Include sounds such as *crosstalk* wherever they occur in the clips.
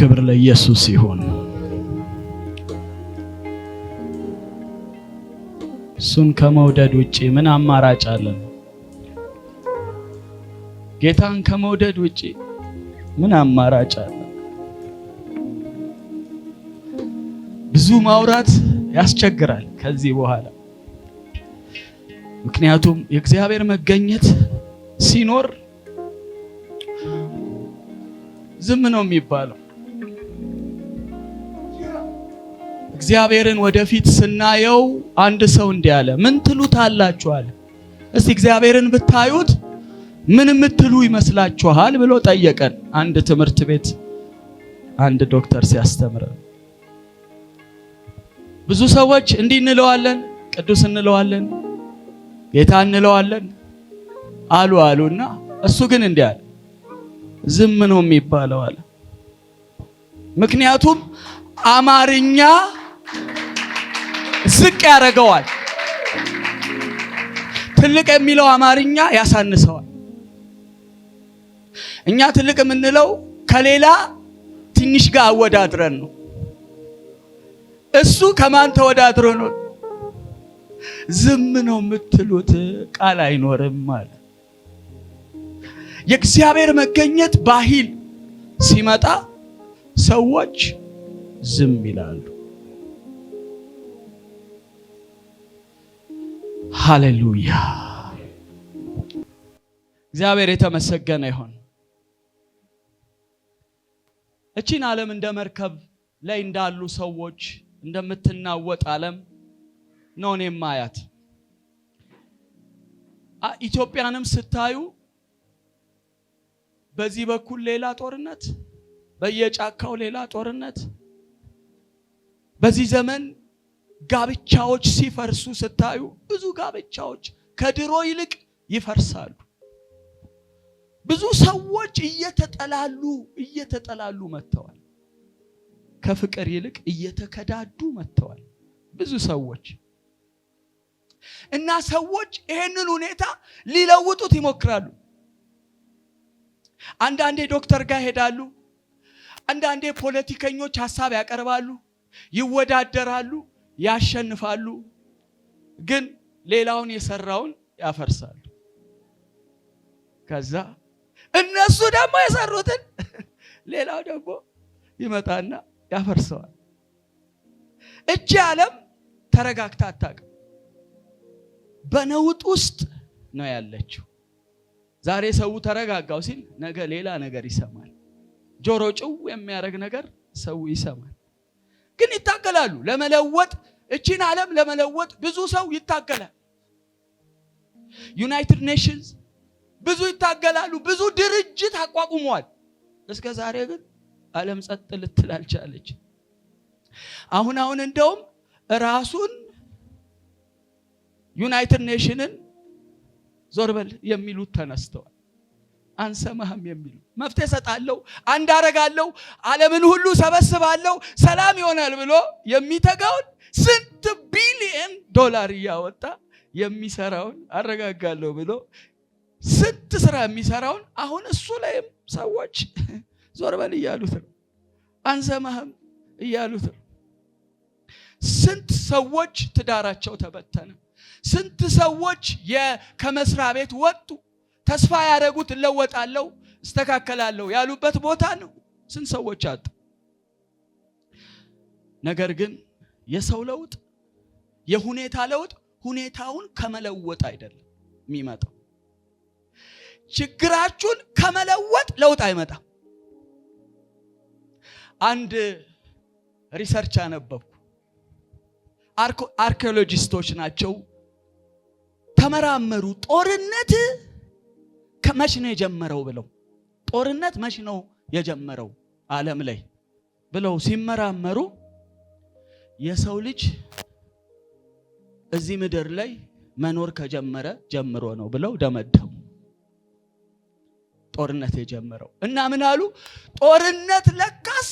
ክብር ለኢየሱስ ይሁን። እሱን ከመውደድ ውጪ ምን አማራጭ አለን? ጌታን ከመውደድ ውጪ ምን አማራጭ አለን? ብዙ ማውራት ያስቸግራል ከዚህ በኋላ ምክንያቱም የእግዚአብሔር መገኘት ሲኖር ዝም ነው የሚባለው። እግዚአብሔርን ወደፊት ስናየው አንድ ሰው እንዲህ አለ፣ ምን ትሉት አላችኋል? እስቲ እግዚአብሔርን ብታዩት ምን የምትሉ ይመስላችኋል ብሎ ጠየቀን። አንድ ትምህርት ቤት አንድ ዶክተር ሲያስተምር ብዙ ሰዎች እንዲህ እንለዋለን፣ ቅዱስ እንለዋለን፣ ጌታ እንለዋለን አሉ አሉና እሱ ግን እንዲህ አለ፣ ዝም ነው የሚባለው አለ። ምክንያቱም አማርኛ ዝቅ ያደርገዋል። ትልቅ የሚለው አማርኛ ያሳንሰዋል። እኛ ትልቅ የምንለው ከሌላ ትንሽ ጋር አወዳድረን ነው። እሱ ከማን ተወዳድሮ ነው? ዝም ነው የምትሉት፣ ቃል አይኖርም አለ። የእግዚአብሔር መገኘት ባህል ሲመጣ ሰዎች ዝም ይላሉ። ሃሌሉያ! እግዚአብሔር የተመሰገነ ይሆን። እቺን ዓለም እንደ መርከብ ላይ እንዳሉ ሰዎች እንደምትናወጥ ዓለም ነው እኔ ማያት። ኢትዮጵያንም ስታዩ በዚህ በኩል ሌላ ጦርነት፣ በየጫካው ሌላ ጦርነት። በዚህ ዘመን ጋብቻዎች ሲፈርሱ ስታዩ ብዙ ጋብቻዎች ከድሮ ይልቅ ይፈርሳሉ። ብዙ ሰዎች እየተጠላሉ እየተጠላሉ መጥተዋል። ከፍቅር ይልቅ እየተከዳዱ መጥተዋል ብዙ ሰዎች እና ሰዎች ይሄንን ሁኔታ ሊለውጡት ይሞክራሉ። አንዳንዴ ዶክተር ጋር ይሄዳሉ። አንዳንዴ ፖለቲከኞች ሀሳብ ያቀርባሉ፣ ይወዳደራሉ። ያሸንፋሉ፣ ግን ሌላውን የሰራውን ያፈርሳሉ። ከዛ እነሱ ደግሞ የሰሩትን *laughs* ሌላው ደግሞ ይመጣና ያፈርሰዋል። እቺ ዓለም ተረጋግታ አታውቅም። በነውጥ ውስጥ ነው ያለችው። ዛሬ ሰው ተረጋጋው ሲል ነገ ሌላ ነገር ይሰማል። ጆሮ ጭው የሚያደርግ ነገር ሰው ይሰማል። ግን ይታገላሉ። ለመለወጥ እቺን ዓለም ለመለወጥ ብዙ ሰው ይታገላል። ዩናይትድ ኔሽንስ ብዙ ይታገላሉ። ብዙ ድርጅት አቋቁመዋል። እስከ ዛሬ ግን ዓለም ጸጥ ልትል አልቻለች። አሁን አሁን እንደውም ራሱን ዩናይትድ ኔሽንን ዞር በል የሚሉት ተነስተዋል። አንሰማህም የሚሉ መፍትሄ እሰጣለሁ፣ አንድ አረጋለሁ፣ ዓለምን ሁሉ ሰበስባለሁ፣ ሰላም ይሆናል ብሎ የሚተጋውን ስንት ቢሊየን ዶላር እያወጣ የሚሰራውን አረጋጋለሁ ብሎ ስንት ስራ የሚሰራውን አሁን እሱ ላይም ሰዎች ዞር በል እያሉት ነው። አንሰማህም እያሉት ነው። ስንት ሰዎች ትዳራቸው ተበተነ። ስንት ሰዎች ከመስሪያ ቤት ወጡ። ተስፋ ያደረጉት እለወጣለሁ፣ እስተካከላለሁ ያሉበት ቦታ ነው። ስንት ሰዎች አጡ። ነገር ግን የሰው ለውጥ የሁኔታ ለውጥ ሁኔታውን ከመለወጥ አይደለም የሚመጣው። ችግራችሁን ከመለወጥ ለውጥ አይመጣም። አንድ ሪሰርች አነበብኩ። አርኪኦሎጂስቶች ናቸው ተመራመሩ ጦርነት መች ነው የጀመረው ብለው ጦርነት መች ነው የጀመረው ዓለም ላይ ብለው ሲመራመሩ የሰው ልጅ እዚህ ምድር ላይ መኖር ከጀመረ ጀምሮ ነው ብለው ደመደሙ። ጦርነት የጀመረው እና ምን አሉ? ጦርነት ለካስ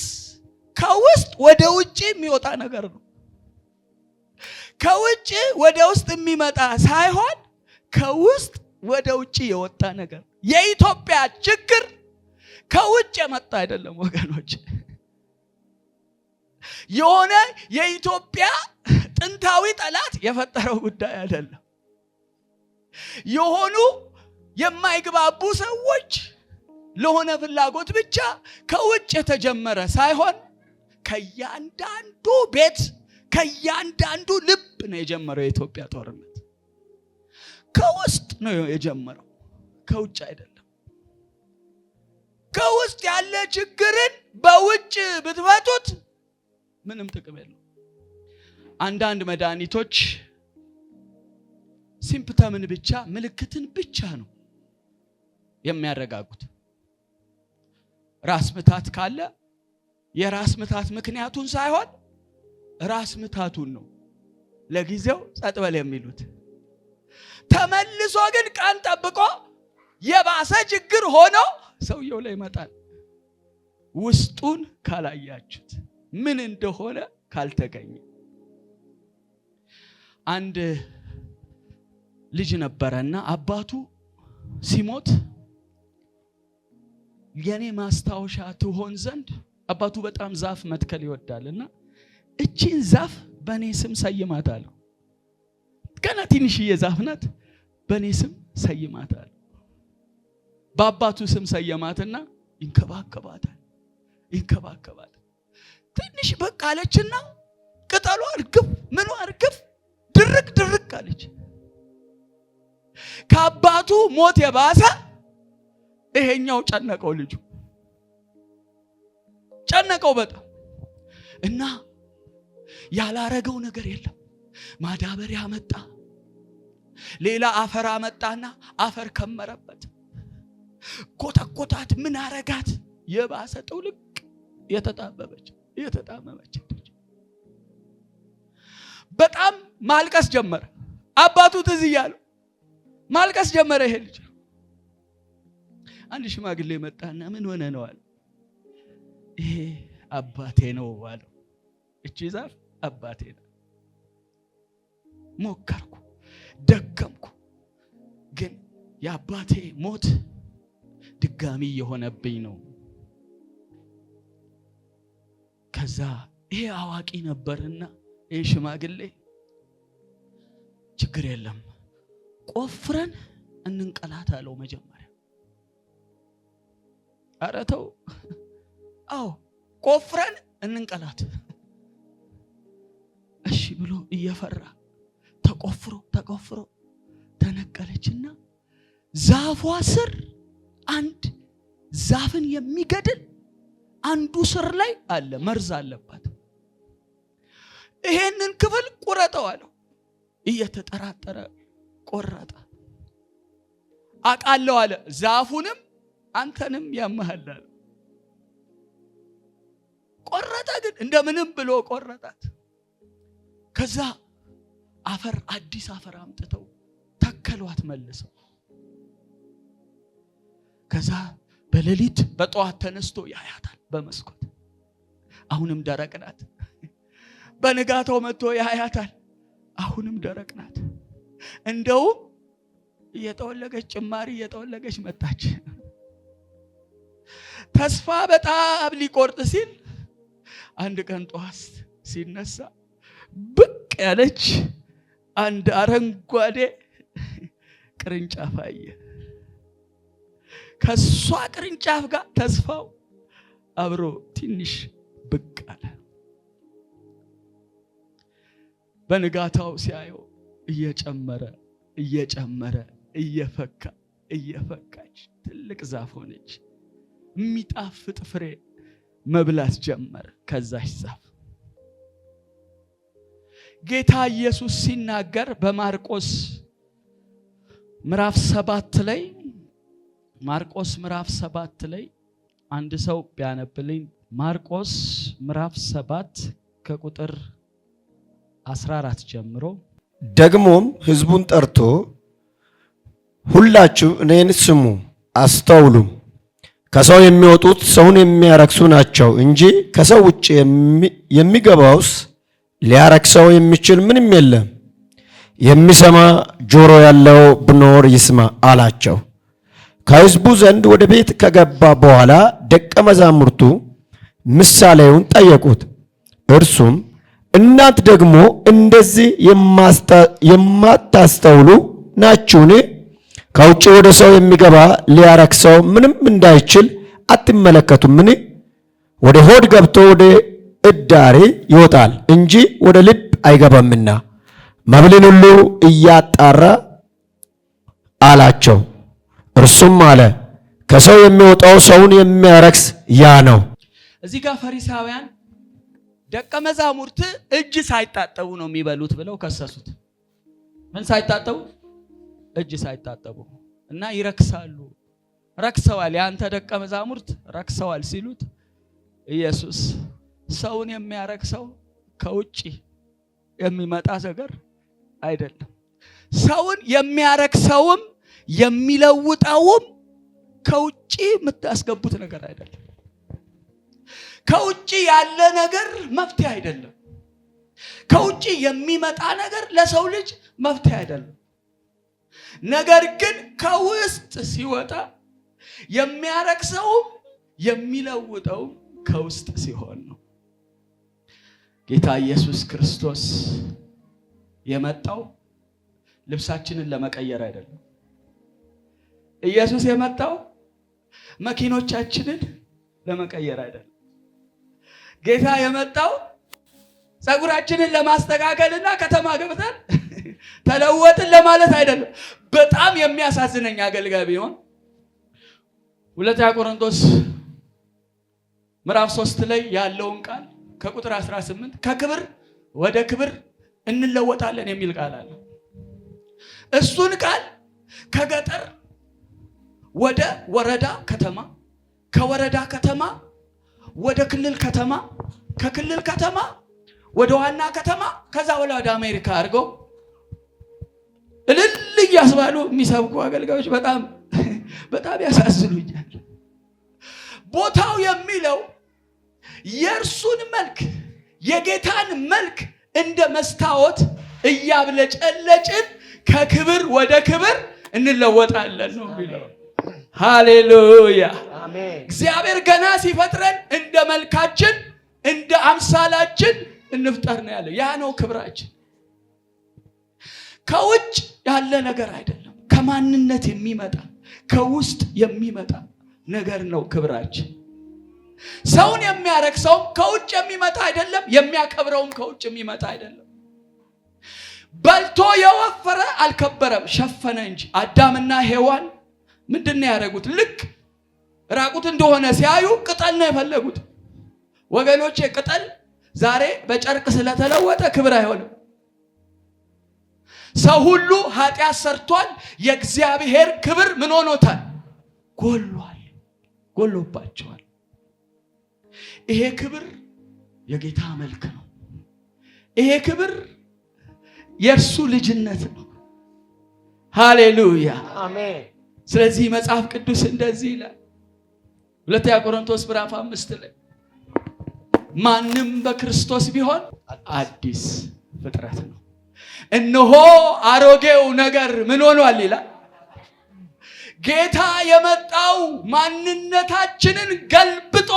ከውስጥ ወደ ውጭ የሚወጣ ነገር ነው። ከውጭ ወደ ውስጥ የሚመጣ ሳይሆን ከውስጥ ወደ ውጭ የወጣ ነገር። የኢትዮጵያ ችግር ከውጭ የመጣ አይደለም ወገኖች። የሆነ የኢትዮጵያ ጥንታዊ ጠላት የፈጠረው ጉዳይ አይደለም። የሆኑ የማይግባቡ ሰዎች ለሆነ ፍላጎት ብቻ ከውጭ የተጀመረ ሳይሆን ከእያንዳንዱ ቤት ከእያንዳንዱ ልብ ነው የጀመረው የኢትዮጵያ ጦርነት ከውስጥ ነው የጀመረው፣ ከውጭ አይደለም። ከውስጥ ያለ ችግርን በውጭ ብትመቱት ምንም ጥቅም የለው። አንዳንድ መድኃኒቶች ሲምፕተምን ብቻ ምልክትን ብቻ ነው የሚያረጋጉት። ራስ ምታት ካለ የራስ ምታት ምክንያቱን ሳይሆን ራስ ምታቱን ነው ለጊዜው ጸጥ በል የሚሉት። ተመልሶ ግን ቀን ጠብቆ የባሰ ችግር ሆኖ ሰውየው ላይ ይመጣል። ውስጡን ካላያችሁት ምን እንደሆነ ካልተገኘ አንድ ልጅ ነበረና አባቱ ሲሞት የኔ ማስታወሻ ትሆን ዘንድ አባቱ በጣም ዛፍ መትከል ይወዳልና እቺን ዛፍ በእኔ ስም ሰይማታለሁ ገና ትንሽዬ ዛፍ ናት። በእኔ ስም ሰይማታል። በአባቱ ስም ሰየማትና ይንከባከባታል ይንከባከባታል። ትንሽ በቃ አለችና ቅጠሉ አርግፍ ምኑ አርግፍ ድርቅ ድርቅ አለች። ከአባቱ ሞት የባሰ ይሄኛው ጨነቀው፣ ልጁ ጨነቀው በጣም እና ያላረገው ነገር የለም። ማዳበሪያ መጣ ሌላ አፈር አመጣና አፈር ከመረበት። ኮተኮታት። ምን አረጋት? የባሰ ጥውልቅ የተጣበበች የተጣመመች በጣም ማልቀስ ጀመረ። አባቱ ትዝ እያለው ማልቀስ ጀመረ። ይሄ ልጅ አንድ ሽማግሌ መጣና ምን ሆነ ነው አለ። ይሄ አባቴ ነው አለ እቺ ዛፍ አባቴ ነው። ሞከርኩ ደከምኩ። ግን የአባቴ ሞት ድጋሚ የሆነብኝ ነው። ከዛ ይሄ አዋቂ ነበርና ይህ ሽማግሌ ችግር የለም ቆፍረን እንንቀላት አለው። መጀመሪያ አረተው አዎ ቆፍረን እንንቀላት እሺ ብሎ እየፈራ ተቆፍሮ ተቆፍሮ ተነቀለችና ዛፏ ስር አንድ ዛፍን የሚገድል አንዱ ስር ላይ አለ፣ መርዝ አለባት። ይሄንን ክፍል ቁረጠው አለው። እየተጠራጠረ ቆረጠ። አቃለው አለ፣ ዛፉንም አንተንም ያመሃል ቆረጠ፣ ግን እንደምንም ብሎ ቆረጣት። ከዛ አፈር አዲስ አፈር አምጥተው ተከሏት መልሰው። ከዛ በሌሊት በጠዋት ተነስቶ ያያታል በመስኮት አሁንም ደረቅ ናት። በንጋታው መጥቶ ያያታል አሁንም ደረቅ ናት። እንደውም እየጠወለገች ጭማሪ እየጠወለገች መጣች። ተስፋ በጣም ሊቆርጥ ሲል አንድ ቀን ጠዋት ሲነሳ ብቅ ያለች አንድ አረንጓዴ ቅርንጫፍ አየ። ከሷ ቅርንጫፍ ጋር ተስፋው አብሮ ትንሽ ብቅ አለ። በንጋታው ሲያየው እየጨመረ እየጨመረ እየፈካ እየፈካች ትልቅ ዛፍ ሆነች። የሚጣፍጥ ፍሬ መብላት ጀመረ ከዛች ዛፍ ጌታ ኢየሱስ ሲናገር በማርቆስ ምዕራፍ ሰባት ላይ ማርቆስ ምዕራፍ ሰባት ላይ አንድ ሰው ቢያነብልኝ ማርቆስ ምዕራፍ ሰባት ከቁጥር 14 ጀምሮ ደግሞም ሕዝቡን ጠርቶ ሁላችሁ እኔን ስሙ አስተውሉ፣ ከሰው የሚወጡት ሰውን የሚያረክሱ ናቸው እንጂ ከሰው ውጭ የሚገባውስ ሊያረክሰው የሚችል ምንም የለም። የሚሰማ ጆሮ ያለው ብኖር ይስማ አላቸው። ከሕዝቡ ዘንድ ወደ ቤት ከገባ በኋላ ደቀ መዛሙርቱ ምሳሌውን ጠየቁት። እርሱም እናንት ደግሞ እንደዚህ የማታስተውሉ ናችሁን? ከውጭ ወደ ሰው የሚገባ ሊያረክሰው ምንም እንዳይችል አትመለከቱምን? ወደ ሆድ ገብቶ ወደ እዳሪ ይወጣል እንጂ ወደ ልብ አይገባምና መብልን ሁሉ እያጣራ አላቸው። እርሱም አለ ከሰው የሚወጣው ሰውን የሚያረክስ ያ ነው። እዚህ ጋር ፈሪሳውያን ደቀ መዛሙርት እጅ ሳይታጠቡ ነው የሚበሉት ብለው ከሰሱት። ምን ሳይታጠቡ? እጅ ሳይታጠቡ እና ይረክሳሉ፣ ረክሰዋል፣ የአንተ ደቀ መዛሙርት ረክሰዋል ሲሉት ኢየሱስ ሰውን የሚያረክሰው ከውጭ የሚመጣ ነገር አይደለም። ሰውን የሚያረክሰውም የሚለውጠውም ከውጭ የምታስገቡት ነገር አይደለም። ከውጭ ያለ ነገር መፍትሄ አይደለም። ከውጭ የሚመጣ ነገር ለሰው ልጅ መፍትሄ አይደለም። ነገር ግን ከውስጥ ሲወጣ የሚያረክሰውም የሚለውጠውም ከውስጥ ሲሆን ጌታ ኢየሱስ ክርስቶስ የመጣው ልብሳችንን ለመቀየር አይደለም። ኢየሱስ የመጣው መኪኖቻችንን ለመቀየር አይደለም። ጌታ የመጣው ጸጉራችንን ለማስተካከል ከተማ ገብተን ተለወጥን ለማለት አይደለም። በጣም የሚያሳዝነኝ አገልጋይ ቢሆን ሁለተኛ ቆሮንቶስ ምዕራፍ ሶስት ላይ ያለውን ቃል ከቁጥር 18 ከክብር ወደ ክብር እንለወጣለን የሚል ቃል አለ። እሱን ቃል ከገጠር ወደ ወረዳ ከተማ፣ ከወረዳ ከተማ ወደ ክልል ከተማ፣ ከክልል ከተማ ወደ ዋና ከተማ፣ ከዛ ወደ አሜሪካ አድርገው እልል እያስባሉ የሚሰብኩ አገልጋዮች በጣም በጣም ያሳዝኑኛል። ቦታው የሚለው የእርሱን መልክ የጌታን መልክ እንደ መስታወት እያብለጨለጭን ከክብር ወደ ክብር እንለወጣለን ነው የሚለው። ሃሌሉያ! እግዚአብሔር ገና ሲፈጥረን እንደ መልካችን እንደ አምሳላችን እንፍጠር ነው ያለው። ያ ነው ክብራችን። ከውጭ ያለ ነገር አይደለም፣ ከማንነት የሚመጣ ከውስጥ የሚመጣ ነገር ነው ክብራችን። ሰውን የሚያረግ ሰውም ከውጭ የሚመጣ አይደለም፣ የሚያከብረውም ከውጭ የሚመጣ አይደለም። በልቶ የወፈረ አልከበረም፣ ሸፈነ እንጂ። አዳምና ሔዋን ምንድን ነው ያደረጉት? ልክ ራቁት እንደሆነ ሲያዩ ቅጠል ነው የፈለጉት። ወገኖቼ ቅጠል ዛሬ በጨርቅ ስለተለወጠ ክብር አይሆንም። ሰው ሁሉ ኃጢአት ሰርቷል። የእግዚአብሔር ክብር ምን ሆኖታል? ጎሏል፣ ጎሎባቸዋል። ይሄ ክብር የጌታ መልክ ነው። ይሄ ክብር የእርሱ ልጅነት ነው። ሃሌሉያ አሜን። ስለዚህ መጽሐፍ ቅዱስ እንደዚህ ይላል ሁለተኛ ቆሮንቶስ ምዕራፍ አምስት ላይ ማንም በክርስቶስ ቢሆን አዲስ ፍጥረት ነው፣ እነሆ አሮጌው ነገር ምን ሆኗል ይላል። ጌታ የመጣው ማንነታችንን ገልብጦ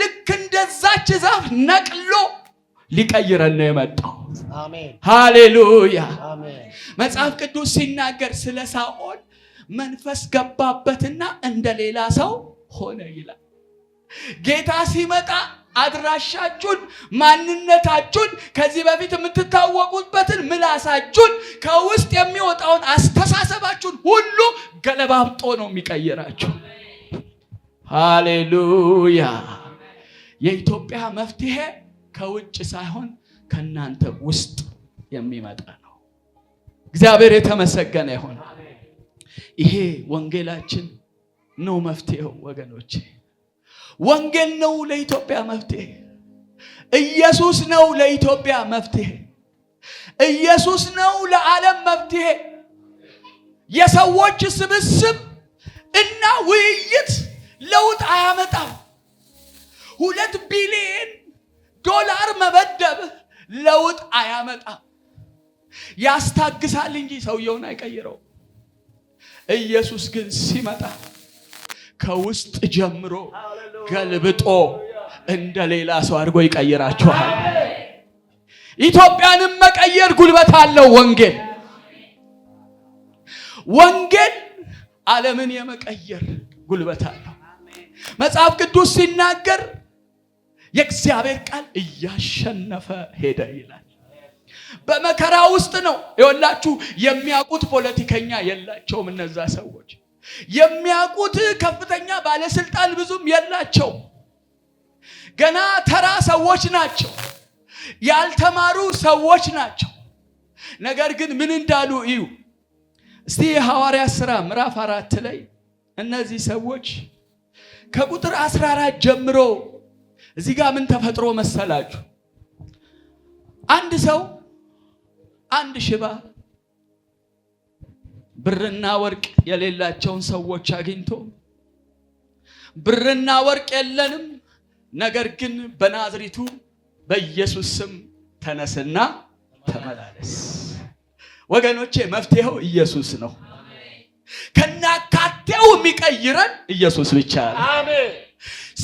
ልክ እንደዛች ዛፍ ነቅሎ ሊቀይረን ነው የመጣው። ሃሌሉያ። መጽሐፍ ቅዱስ ሲናገር ስለ ሳኦል መንፈስ ገባበትና እንደ ሌላ ሰው ሆነ ይላል። ጌታ ሲመጣ አድራሻችሁን፣ ማንነታችሁን፣ ከዚህ በፊት የምትታወቁበትን ምላሳችሁን፣ ከውስጥ የሚወጣውን አስተሳሰባችሁን ሁሉ ገለባብጦ ነው የሚቀይራችሁ። ሃሌሉያ የኢትዮጵያ መፍትሄ ከውጭ ሳይሆን ከእናንተ ውስጥ የሚመጣ ነው። እግዚአብሔር የተመሰገነ ይሁን። ይሄ ወንጌላችን ነው መፍትሄው። ወገኖች ወንጌል ነው ለኢትዮጵያ መፍትሄ። ኢየሱስ ነው ለኢትዮጵያ መፍትሄ። ኢየሱስ ነው ለዓለም መፍትሄ። የሰዎች ስብስብ እና ውይይት ለውጥ አያመጣም። ሁለት ቢሊዮን ዶላር መበደብ ለውጥ አያመጣም። ያስታግሳል እንጂ ሰውየውን አይቀይረውም። ኢየሱስ ግን ሲመጣ ከውስጥ ጀምሮ ገልብጦ እንደ ሌላ ሰው አድርጎ ይቀይራችኋል። ኢትዮጵያንም መቀየር ጉልበት አለው ወንጌል ወንጌል ዓለምን የመቀየር ጉልበት አለው። መጽሐፍ ቅዱስ ሲናገር የእግዚአብሔር ቃል እያሸነፈ ሄደ ይላል። በመከራ ውስጥ ነው የወላችሁ። የሚያውቁት ፖለቲከኛ የላቸውም። እነዛ ሰዎች የሚያውቁት ከፍተኛ ባለስልጣን ብዙም የላቸው ገና ተራ ሰዎች ናቸው። ያልተማሩ ሰዎች ናቸው። ነገር ግን ምን እንዳሉ እዩ እስቲ። የሐዋርያ ሥራ ምዕራፍ አራት ላይ እነዚህ ሰዎች ከቁጥር 14 ጀምሮ እዚህ ጋር ምን ተፈጥሮ መሰላችሁ? አንድ ሰው አንድ ሽባ ብርና ወርቅ የሌላቸውን ሰዎች አግኝቶ ብርና ወርቅ የለንም፣ ነገር ግን በናዝሪቱ በኢየሱስ ስም ተነስና ተመላለስ። ወገኖቼ መፍትሄው ኢየሱስ ነው። ከናካቴው የሚቀይረን ኢየሱስ ብቻ ነው።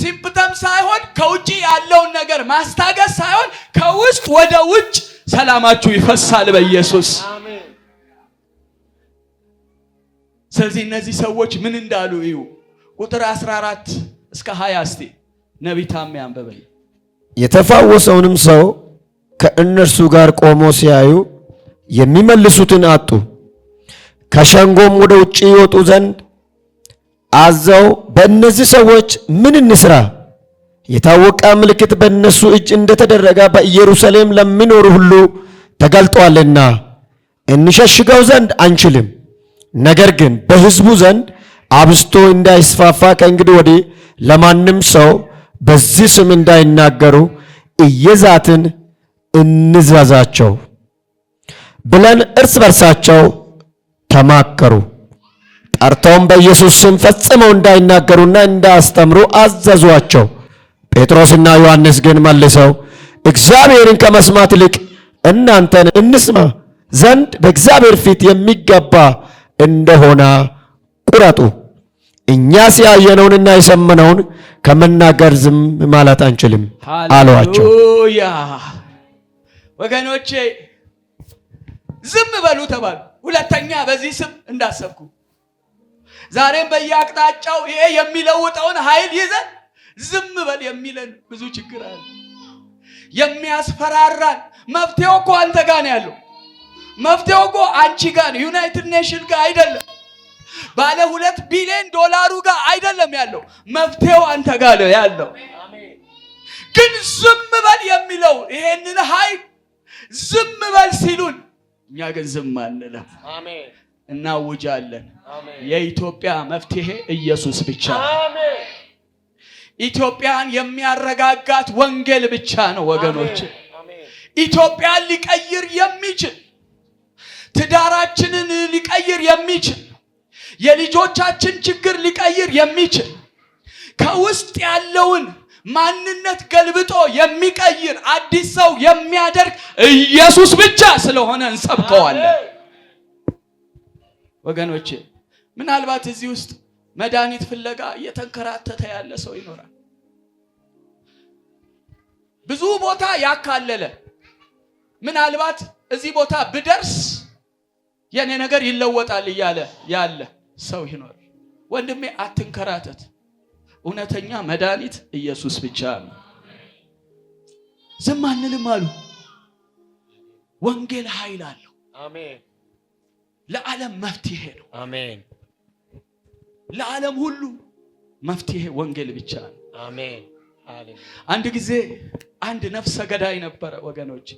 ሲምፕተም ሳይሆን ከውጭ ያለውን ነገር ማስታገስ ሳይሆን ከውስጥ ወደ ውጭ ሰላማችሁ ይፈሳል በኢየሱስ። ስለዚህ እነዚህ ሰዎች ምን እንዳሉ እዩ። ቁጥር 14 እስከ 20 እስቲ ነቢታም ያንበበል። የተፋወሰውንም ሰው ከእነርሱ ጋር ቆሞ ሲያዩ የሚመልሱትን አጡ። ከሸንጎም ወደ ውጭ ይወጡ ዘንድ አዘው በእነዚህ ሰዎች ምን እንስራ? የታወቀ ምልክት በእነሱ እጅ እንደተደረገ በኢየሩሳሌም ለሚኖሩ ሁሉ ተገልጧልና እንሸሽገው ዘንድ አንችልም። ነገር ግን በሕዝቡ ዘንድ አብስቶ እንዳይስፋፋ ከእንግዲህ ወዲህ ለማንም ሰው በዚህ ስም እንዳይናገሩ እየዛትን እንዛዛቸው ብለን እርስ በርሳቸው ተማከሩ። ጠርተውም በኢየሱስ ስም ፈጽመው እንዳይናገሩና እንዳያስተምሩ አዘዟቸው። ጴጥሮስና ዮሐንስ ግን መልሰው እግዚአብሔርን ከመስማት ይልቅ እናንተን እንስማ ዘንድ በእግዚአብሔር ፊት የሚገባ እንደሆነ ቁረጡ። እኛስ ያየነውንና የሰመነውን ከመናገር ዝም ማለት አንችልም አሏቸው። ወገኖቼ ዝም በሉ ተባሉ። ሁለተኛ በዚህ ስም እንዳሰብኩ ዛሬም በየአቅጣጫው ይሄ የሚለውጠውን ኃይል ይዘን ዝም በል የሚለን ብዙ ችግር አለ። የሚያስፈራራን መፍትሄው እኮ አንተ ጋር ነው ያለው። መፍትሄው እኮ አንቺ ጋር ነው፣ ዩናይትድ ኔሽን ጋር አይደለም፣ ባለ ሁለት ቢሊዮን ዶላሩ ጋር አይደለም ያለው። መፍትሄው አንተ ጋር ነው ያለው። ግን ዝም በል የሚለው ይሄንን ኃይል ዝም በል ሲሉን እኛ ግን ዝም አንለም። እናውጃለን። የኢትዮጵያ መፍትሄ ኢየሱስ ብቻ ነው። ኢትዮጵያን የሚያረጋጋት ወንጌል ብቻ ነው። ወገኖች ኢትዮጵያን ሊቀይር የሚችል ትዳራችንን ሊቀይር የሚችል የልጆቻችን ችግር ሊቀይር የሚችል ከውስጥ ያለውን ማንነት ገልብጦ የሚቀይር አዲስ ሰው የሚያደርግ ኢየሱስ ብቻ ስለሆነ እንሰብከዋለን። ወገኖቼ ምናልባት እዚህ ውስጥ መድኃኒት ፍለጋ እየተንከራተተ ያለ ሰው ይኖራል። ብዙ ቦታ ያካለለ ምናልባት እዚህ ቦታ ብደርስ የኔ ነገር ይለወጣል እያለ ያለ ሰው ይኖር። ወንድሜ አትንከራተት። እውነተኛ መድኃኒት ኢየሱስ ብቻ ነው። ዝም አንልም አሉ። ወንጌል ኃይል አለው። አሜን። ለዓለም መፍትሄ ነው። አሜን። ለዓለም ሁሉ መፍትሄ ወንጌል ብቻ ነው። አሜን። አንድ ጊዜ አንድ ነፍሰ ገዳይ ነበረ ወገኖች።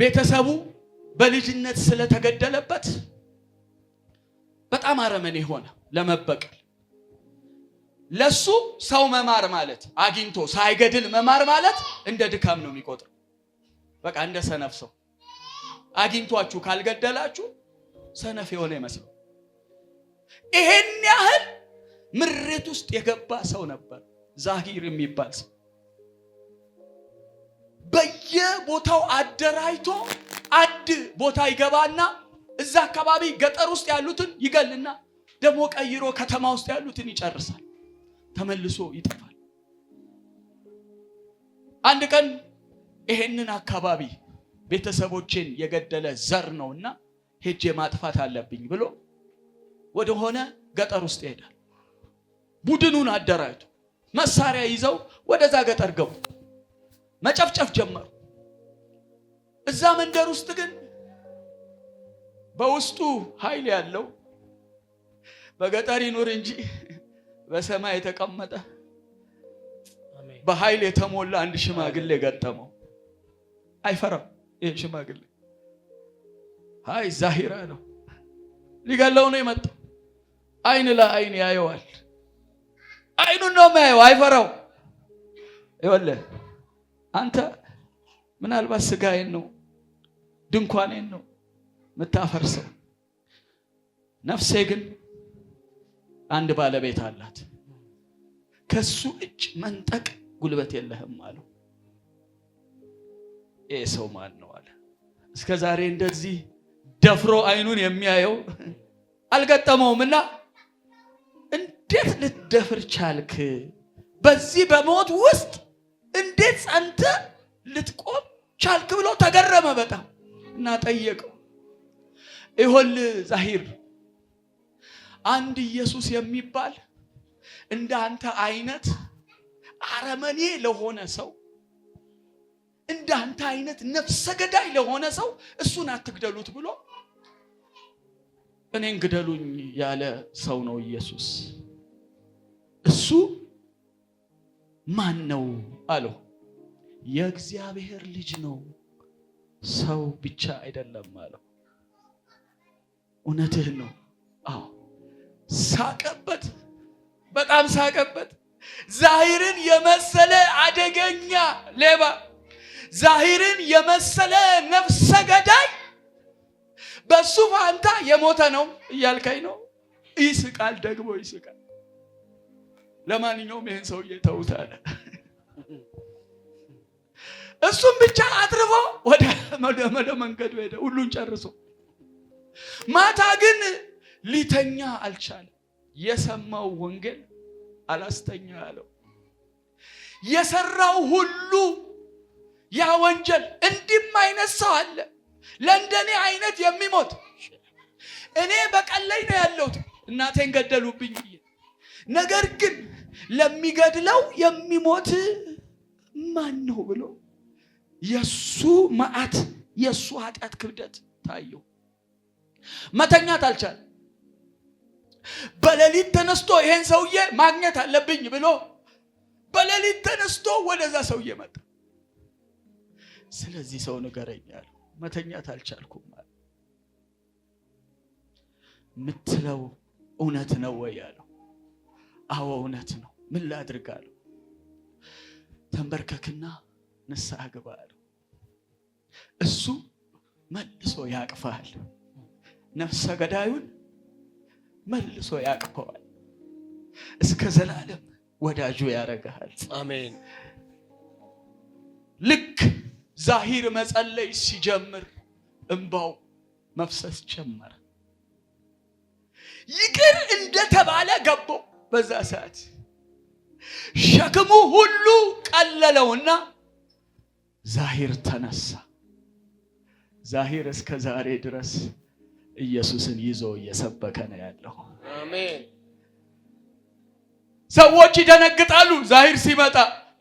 ቤተሰቡ በልጅነት ስለተገደለበት በጣም አረመኔ ሆነ ለመበቀል። ለሱ ሰው መማር ማለት አግኝቶ ሳይገድል መማር ማለት እንደ ድካም ነው የሚቆጥረው። በቃ እንደ ሰነፍ ሰው አግኝቷችሁ ካልገደላችሁ ሰነፍ የሆነ ይመስለው። ይሄን ያህል ምሬት ውስጥ የገባ ሰው ነበር ዛሂር የሚባል ሰው። በየቦታው አደራጅቶ አንድ ቦታ ይገባና እዛ አካባቢ ገጠር ውስጥ ያሉትን ይገልና ደግሞ ቀይሮ ከተማ ውስጥ ያሉትን ይጨርሳል። ተመልሶ ይጠፋል። አንድ ቀን ይሄንን አካባቢ ቤተሰቦችን የገደለ ዘር ነውና ሄጄ ማጥፋት አለብኝ ብሎ ወደሆነ ገጠር ውስጥ ይሄዳል። ቡድኑን አደራጅቶ መሳሪያ ይዘው ወደዛ ገጠር ገቡ። መጨፍጨፍ ጀመሩ። እዛ መንደር ውስጥ ግን በውስጡ ኃይል ያለው በገጠር ይኑር እንጂ በሰማይ የተቀመጠ በኃይል የተሞላ አንድ ሽማግሌ ገጠመው። አይፈራም። ይሄ ሽማግሌ አይ ዛሂራ ነው፣ ሊገለው ነው የመጣው። አይን ለአይን ያየዋል። አይኑን ነው የሚያየው፣ አይፈራው። ይወለ አንተ ምናልባት ስጋዬን ነው ድንኳኔን ነው የምታፈርሰው። ነፍሴ ግን አንድ ባለቤት አላት፣ ከሱ እጅ መንጠቅ ጉልበት የለህም አለው። ይሄ ሰው ማን ነው አለ። እስከ ዛሬ እንደዚህ ደፍሮ አይኑን የሚያየው አልገጠመውም እና እንዴት ልትደፍር ቻልክ? በዚህ በሞት ውስጥ እንዴት ጸንተ ልትቆም ቻልክ ብሎ ተገረመ በጣም እና ጠየቀው። ይሆል ዛሂር አንድ ኢየሱስ የሚባል እንደ አንተ አይነት አረመኔ ለሆነ ሰው እንዳንተ አይነት ነፍሰ ገዳይ ለሆነ ሰው እሱን አትግደሉት ብሎ እኔን ግደሉኝ ያለ ሰው ነው ኢየሱስ። እሱ ማን ነው አለው። የእግዚአብሔር ልጅ ነው፣ ሰው ብቻ አይደለም አለው። እውነትህን ነው። አዎ ሳቀበት፣ በጣም ሳቀበት። ዛሂርን የመሰለ አደገኛ ሌባ ዛሂርን የመሰለ ነፍሰ ገዳይ በሱ ፋንታ የሞተ ነው እያልከኝ ነው። ይስቃል፣ ደግሞ ይስቃል። ለማንኛውም ይህን ሰው እየተውታለ እሱም ብቻ አትርፎ ወደ መንገዱ ሄደ፣ ሁሉን ጨርሶ። ማታ ግን ሊተኛ አልቻለም። የሰማው ወንጌል አላስተኛ ያለው የሰራው ሁሉ ያ ወንጀል እንዲህም አይነት ሰው አለ። ለእንደኔ አይነት የሚሞት እኔ በቀል ላይ ነው ያለሁት፣ እናቴን ገደሉብኝ ብዬ ነገር ግን ለሚገድለው የሚሞት ማን ነው ብሎ የእሱ መዓት የእሱ ኃጢአት ክብደት ታየው። መተኛት አልቻለም። በሌሊት ተነስቶ ይሄን ሰውዬ ማግኘት አለብኝ ብሎ በሌሊት ተነስቶ ወደዛ ሰውዬ መጣ። ስለዚህ ሰው ንገረኝ መተኛት አልቻልኩም አለ። የምትለው እውነት ነው ወይ አለው። አዎ እውነት ነው። ምን ላድርግ አለው። ተንበርከክና ንስሐ ግባ አለው። እሱ መልሶ ያቅፋል። ነፍሰ ገዳዩን መልሶ ያቅፈዋል። እስከ ዘላለም ወዳጁ ያደርግሃል። አሜን ልክ ዛሂር መጸለይ ሲጀምር እምባው መፍሰስ ጀመረ። ይቅር እንደተባለ ገባው። በዛ ሰዓት ሸክሙ ሁሉ ቀለለውና ዛሂር ተነሳ። ዛሂር እስከ ዛሬ ድረስ ኢየሱስን ይዞ እየሰበከ ነው ያለው። አሜን። ሰዎች ይደነግጣሉ ዛሂር ሲመጣ፣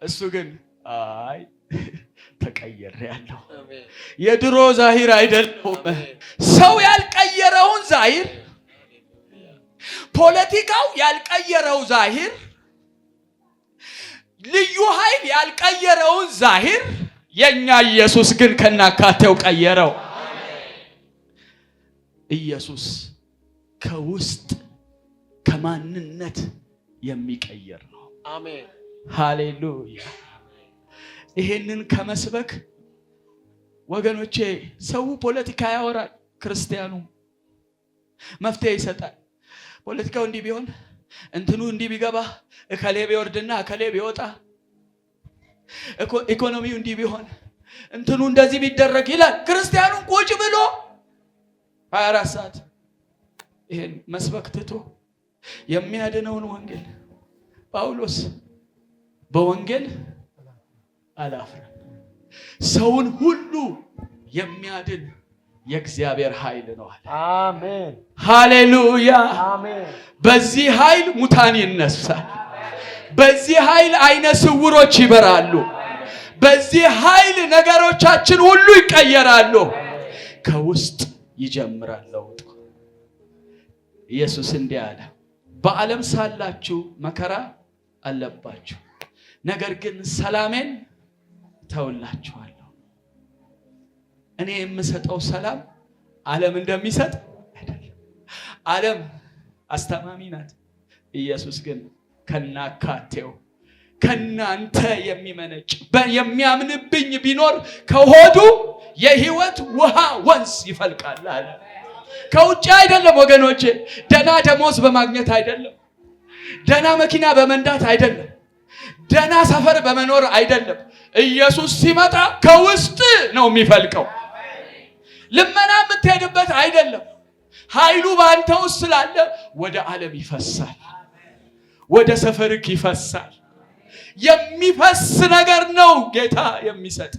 እሱ ግን አይ ተቀየረ ያለው የድሮ ዛሂር አይደለም። ሰው ያልቀየረውን ዛሂር፣ ፖለቲካው ያልቀየረው ዛሂር፣ ልዩ ኃይል ያልቀየረውን ዛሂር የእኛ ኢየሱስ ግን ከናካቴው ቀየረው። ኢየሱስ ከውስጥ ከማንነት የሚቀየር ነው። አሜን፣ ሃሌሉያ ይሄንን ከመስበክ ወገኖቼ ሰው ፖለቲካ ያወራል፣ ክርስቲያኑ መፍትሄ ይሰጣል። ፖለቲካው እንዲህ ቢሆን እንትኑ እንዲህ ቢገባ እከሌ ቢወርድና እከሌ ቢወጣ፣ ኢኮኖሚው እንዲህ ቢሆን እንትኑ እንደዚህ ቢደረግ ይላል። ክርስቲያኑን ቁጭ ብሎ 24 ሰዓት ይሄን መስበክ ትቶ የሚያድነውን ወንጌል ጳውሎስ በወንጌል አላፍርም። ሰውን ሁሉ የሚያድን የእግዚአብሔር ኃይል ነው አለ። አሜን፣ ሃሌሉያ። በዚህ ኃይል ሙታን ይነሳል። በዚህ ኃይል አይነ ስውሮች ይበራሉ። በዚህ ኃይል ነገሮቻችን ሁሉ ይቀየራሉ። ከውስጥ ይጀምራል ለውጡ ኢየሱስ እንዲህ አለ፣ በዓለም ሳላችሁ መከራ አለባችሁ፣ ነገር ግን ሰላሜን ተውላችኋለሁ። እኔ የምሰጠው ሰላም ዓለም እንደሚሰጥ አይደለም። ዓለም አስተማሚ ናት። ኢየሱስ ግን ከናካቴው ከናንተ የሚመነጭ የሚያምንብኝ ቢኖር ከሆዱ የህይወት ውሃ ወንዝ ይፈልቃል አለ። ከውጭ አይደለም ወገኖቼ፣ ደና ደሞዝ በማግኘት አይደለም፣ ደና መኪና በመንዳት አይደለም ደህና ሰፈር በመኖር አይደለም። ኢየሱስ ሲመጣ ከውስጥ ነው የሚፈልቀው። ልመና የምትሄድበት አይደለም። ኃይሉ በአንተ ውስጥ ስላለ ወደ ዓለም ይፈሳል፣ ወደ ሰፈርክ ይፈሳል። የሚፈስ ነገር ነው ጌታ የሚሰጥ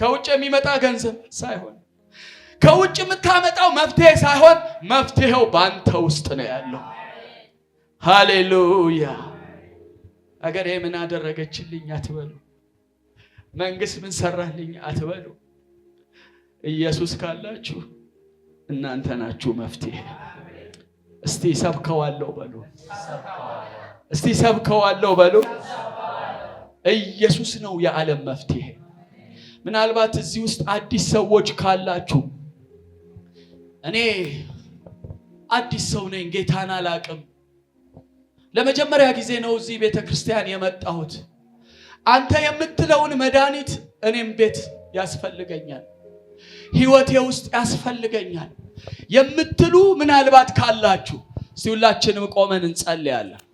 ከውጭ የሚመጣ ገንዘብ ሳይሆን ከውጭ የምታመጣው መፍትሄ ሳይሆን መፍትሄው በአንተ ውስጥ ነው ያለው። ሃሌሉያ አገሬ ምን አደረገችልኝ አትበሉ። መንግስት ምን ሰራልኝ አትበሉ። ኢየሱስ ካላችሁ እናንተ ናችሁ መፍትሄ። እስቲ ሰብከዋለሁ በሉ። እስቲ ሰብከዋለሁ በሉ። ኢየሱስ ነው የዓለም መፍትሄ። ምናልባት እዚህ ውስጥ አዲስ ሰዎች ካላችሁ እኔ አዲስ ሰው ነኝ ጌታን አላቅም ለመጀመሪያ ጊዜ ነው እዚህ ቤተ ክርስቲያን የመጣሁት። አንተ የምትለውን መድኃኒት እኔም ቤት ያስፈልገኛል፣ ህይወቴ ውስጥ ያስፈልገኛል የምትሉ ምናልባት ካላችሁ ሁላችንም ቆመን እንጸልያለን።